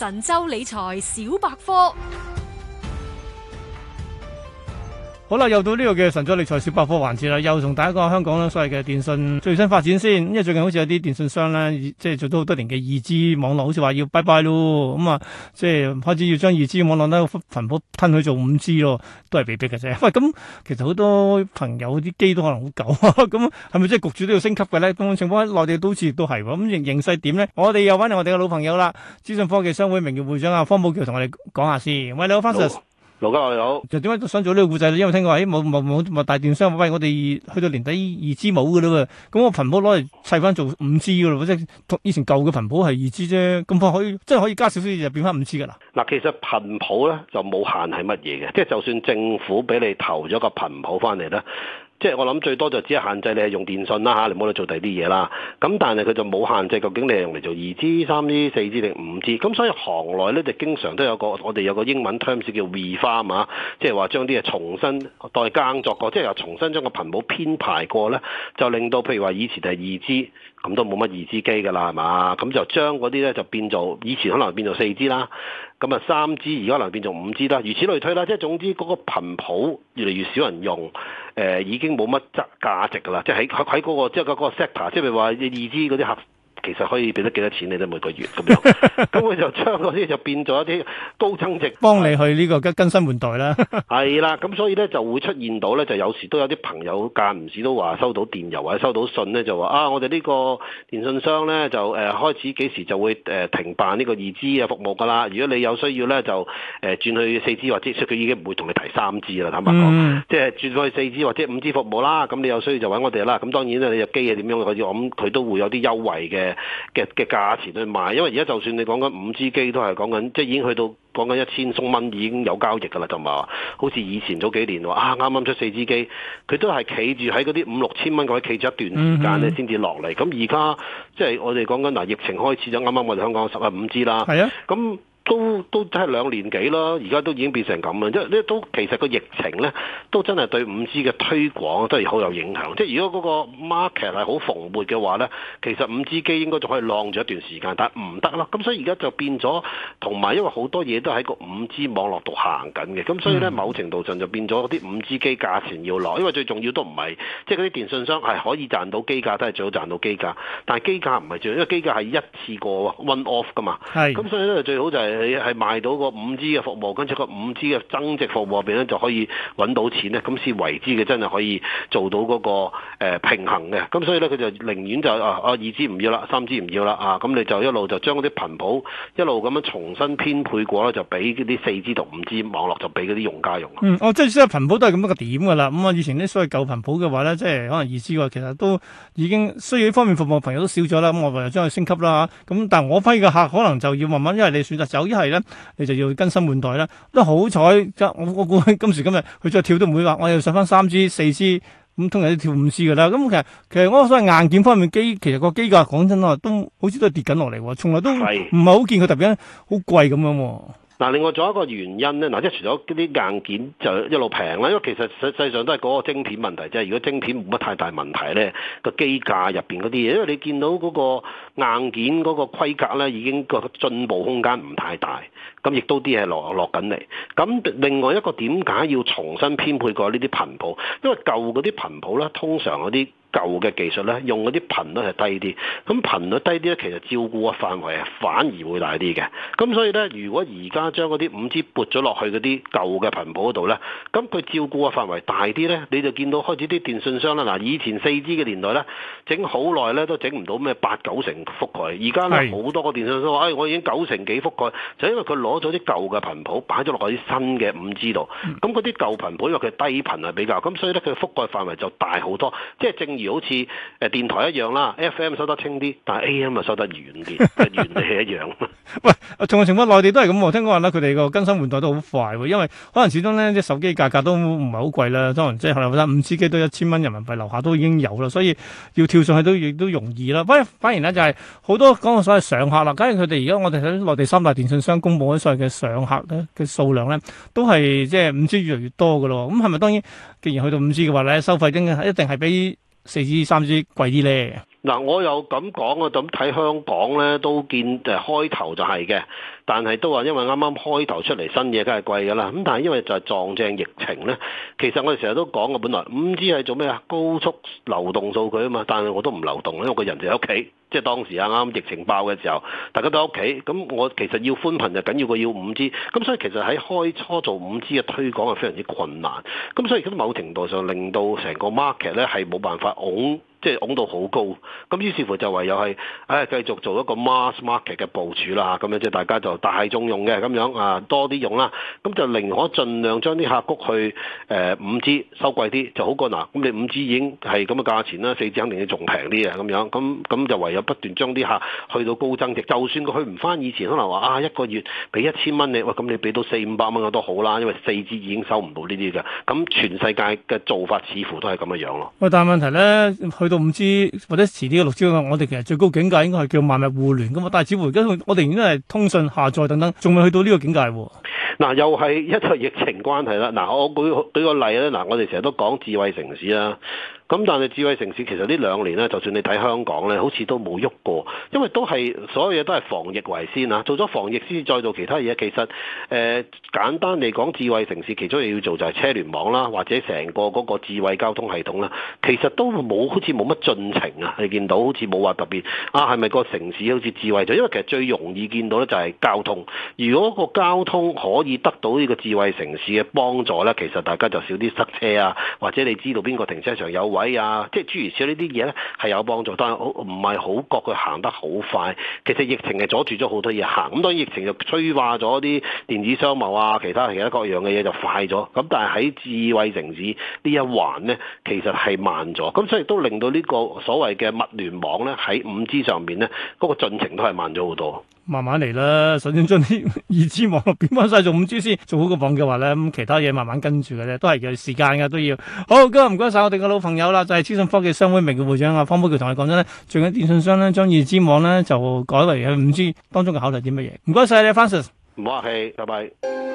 神州理財小百科。好啦，又到呢個嘅神州理財小百科環節啦，又同大家講下香港啦，所謂嘅電訊最新發展先。因為最近好似有啲電訊商咧，即係做咗好多年嘅二 G 網絡，好似話要拜拜咯。咁、嗯、啊，即係開始要將二 G 網絡咧頻譜吞去做五 G 咯，都係被逼嘅啫。喂、啊，咁其實好多朋友啲機都可能好舊咁係咪即係焗住都要升級嘅呢？咁、那個、情況喺內地都好似都係喎。咁、嗯、形形勢點呢？我哋又揾嚟我哋嘅老朋友啦，資訊科技商會名譽會長啊方保僑同我哋講下先。喂，你好、Francis 老家你好，就點解都想做呢個故仔咧？因為聽講話，咦冇冇冇大電商，唔係我哋去到年底二支冇嘅啦嘛。咁我頻譜攞嚟砌翻做五支噶啦，即係以前舊嘅頻譜係二支啫，咁可可以即係可以加少少嘢變翻五支噶啦。嗱，其實頻譜咧就冇限係乜嘢嘅，即係就算政府俾你投咗個頻譜翻嚟啦。即係我諗最多就只係限制你係用電訊啦嚇，你冇得做第二啲嘢啦。咁但係佢就冇限制，究竟你係用嚟做二 G、三 G、四 G 定五 G。咁所以行內咧就經常都有個我哋有個英文 terms 叫 reform 嘛，即係話將啲嘢重新代耕作過，即係又重新將個頻譜編排過咧，就令到譬如話以前就係二 G，咁都冇乜二 G 機㗎啦，係嘛？咁就將嗰啲咧就變做以前可能變做四 G 啦。咁啊，三、嗯、G 而家可能變做五 G 啦，如此類推啦。即係總之，嗰個頻譜越嚟越少人用，誒、呃、已經冇乜值價值㗎啦。即係喺喺喺嗰個，就是、個 sector，即係個嗰個 sector，即係譬如話二 G 嗰啲核。其實可以俾得幾多錢你咧每個月咁樣，咁 佢就將嗰啲就變咗一啲高增值，幫你去呢個更新換代啦。係 啦，咁所以咧就會出現到咧，就有時都有啲朋友間唔時都話收到電郵或者收到信咧，就話啊，我哋呢個電訊商咧就誒、呃、開始幾時就會誒停辦呢個二 G 嘅服務㗎啦。如果你有需要咧，就誒、呃、轉去四 G 或者佢已經唔會同你提三 G 啦，坦白講，嗯、即係轉去四 G 或者五 G 服務啦。咁你有需要就揾我哋啦。咁當然咧，你隻機係點樣，我諗佢都會有啲優惠嘅。嘅嘅價錢去賣，因為而家就算你講緊五 G 機都，都係講緊即係已經去到講緊一千鬆蚊已經有交易噶啦，同埋話好似以前早幾年話啊，啱啱出四 G 機，佢都係企住喺嗰啲五六千蚊嗰位企咗一段時間咧，先至落嚟。咁而家即係我哋講緊嗱，疫情開始咗，啱啱我哋香港十啊五 G 啦，係啊，咁。都都真係兩年幾咯，而家都已經變成咁啊！即係呢都其實個疫情呢，都真係對五 G 嘅推廣真係好有影響。即係如果嗰個 market 係好蓬勃嘅話呢，其實五 G 機應該仲可以晾住一段時間，但係唔得啦。咁所以而家就變咗，同埋因為好多嘢都喺個五 G 網絡度行緊嘅，咁所以呢某程度上就變咗啲五 G 機價錢要落。因為最重要都唔係即係嗰啲電訊商係可以賺到機價，都係最好賺到機價。但係機價唔係最，因為機價係一次過 one off 㗎嘛。係，咁所以呢，最好就係。你係賣到個五 G 嘅服務，跟住個五 G 嘅增值服務入邊咧就可以揾到錢咧，咁先為之嘅真係可以做到嗰、嗰個、呃、平衡嘅。咁所以咧，佢就寧願就啊，二 G 唔要啦，三 G 唔要啦啊，咁、啊嗯、你就一路就將嗰啲頻譜一路咁樣重新編配過咧，就俾嗰啲四 G 同五 G 網絡就俾嗰啲用家用。嗯、哦，即係即係頻譜都係咁一個點㗎啦。咁、嗯、啊，以前啲所謂舊頻譜嘅話咧，即係可能二 G 啊，其實都已經需要呢方面服務朋友都少咗啦。咁、嗯、我咪又將佢升級啦咁、嗯、但係我批嘅客可能就要慢慢，因為你選擇有啲係咧，你就要更新換代啦。都好彩，我我估，今時今日佢再跳都唔會話，我又上翻三 G, G、嗯、四 G，咁通常都跳五 G 噶啦。咁、嗯、其實其實我所謂硬件方面機，其實個機價講真啊，都好似都係跌緊落嚟，從來都唔係好見佢特別好貴咁樣、哦。嗱，另外仲有一個原因咧，嗱，即係除咗啲硬件就一路平啦，因為其實實際上都係嗰個晶片問題啫。即如果晶片冇乜太大問題咧，個機架入邊嗰啲嘢，因為你見到嗰個硬件嗰個規格咧，已經個進步空間唔太大，咁亦都啲嘢落落緊嚟。咁另外一個點解要重新編配過呢啲頻譜？因為舊嗰啲頻譜咧，通常嗰啲。舊嘅技術咧，用嗰啲頻率係低啲，咁頻率低啲咧，其實照顧嘅範圍啊反而會大啲嘅。咁所以咧，如果而家將嗰啲五 G 撥咗落去嗰啲舊嘅頻譜嗰度咧，咁佢照顧嘅範圍大啲咧，你就見到開始啲電信商啦，嗱以前四 G 嘅年代咧，整好耐咧都整唔到咩八九成覆蓋，而家咧好多個電信商話：誒、哎，我已經九成幾覆蓋，就因為佢攞咗啲舊嘅頻譜擺咗落去啲新嘅五 G 度。咁嗰啲舊頻譜因為佢低頻係比較，咁所以咧佢覆蓋範圍就大好多，即係正，正。而好似誒電台一樣啦，FM 收得清啲，但係 AM 咪收得遠啲，原理 一樣。 喂，仲有情況，內地都係咁喎。聽講話咧，佢哋個更新換代都好快喎，因為可能始終咧啲手機價格都唔係好貴啦，當然，即係可能五 G 機都一千蚊人民幣樓下都已經有啦，所以要跳上去都亦都容易啦。反反而咧就係好多講個所謂上客啦，假如佢哋而家我哋喺內地三大電信商公布嗰所謂嘅上客咧嘅數量咧，都係即係五 G 越嚟越多噶咯。咁係咪當然，既然去到五 G 嘅話咧，收費真一定係比四支三支貴啲咧，嗱，我又咁講啊，咁睇香港咧都見就係開頭就係嘅，但係都話因為啱啱開頭出嚟新嘢，梗係貴噶啦。咁但係因為就係撞正疫情咧，其實我哋成日都講嘅，本來五支係做咩啊？高速流動數據啊嘛，但係我都唔流動，因為個人就喺屋企。即係當時啱啱疫情爆嘅時候，大家都喺屋企，咁我其實要寬頻就要緊要過要五 G，咁所以其實喺開初做五 G 嘅推廣係非常之困難，咁所以而家某程度上令到成個 market 呢係冇辦法拱，即係拱到好高，咁於是乎就唯有係，唉繼續做一個 mass market 嘅部署啦，咁樣即係大家就大眾用嘅咁樣啊，多啲用啦，咁就寧可盡量將啲客谷去誒五、呃、G 收貴啲，就好過嗱，咁你五 G 已經係咁嘅價錢啦，四 G 肯定要仲平啲嘅咁樣，咁咁就唯有。不斷將啲客去到高增值，就算佢去唔翻以前，可能話啊一個月俾一千蚊你，喂咁你俾到四五百蚊我都好啦，因為四 G 已經收唔到呢啲嘅。咁全世界嘅做法似乎都係咁嘅樣咯。喂，但係問題呢，去到五 G 或者遲啲嘅六 G 我哋其實最高境界應該係叫萬物互聯噶嘛，但係似乎而家我哋仍然係通訊下載等等，仲未去到呢個境界。嗱、啊，又係一個疫情關係啦。嗱、啊，我舉舉個例咧，嗱、啊，我哋成日都講智慧城市啦。啊咁但係智慧城市其實呢兩年咧，就算你睇香港咧，好似都冇喐過，因為都係所有嘢都係防疫為先啊，做咗防疫先至再做其他嘢。其實誒、呃、簡單嚟講智慧城市其中要要做就係車聯網啦，或者成個嗰個智慧交通系統啦，其實都冇好似冇乜進程啊，你見到好似冇話特別啊，係咪個城市好似智慧咗？因為其實最容易見到咧就係交通，如果個交通可以得到呢個智慧城市嘅幫助咧，其實大家就少啲塞車啊，或者你知道邊個停車場有位。啊，即係諸如此類呢啲嘢咧，係有幫助，但係我唔係好覺佢行得好快。其實疫情係阻住咗好多嘢行，咁當然疫情就催化咗啲電子商貿啊，其他其他各樣嘅嘢就快咗。咁但係喺智慧城市呢一環咧，其實係慢咗。咁所以都令到呢個所謂嘅物聯網咧，喺五 G 上面咧，嗰、那個進程都係慢咗好多。慢慢嚟啦，首先將啲二 G 網絡變翻晒做五 G 先，做好個網嘅話咧，咁其他嘢慢慢跟住嘅啫，都係有時間嘅都要。好，今日唔該晒我哋嘅老朋友啦，就係資訊科技商會名譽會長阿方保僑同你講咗咧，最近電信商咧將二 G 網咧就改為啊五 G 當中嘅考慮啲乜嘢。唔該晒你，Francis。唔好客氣，拜拜。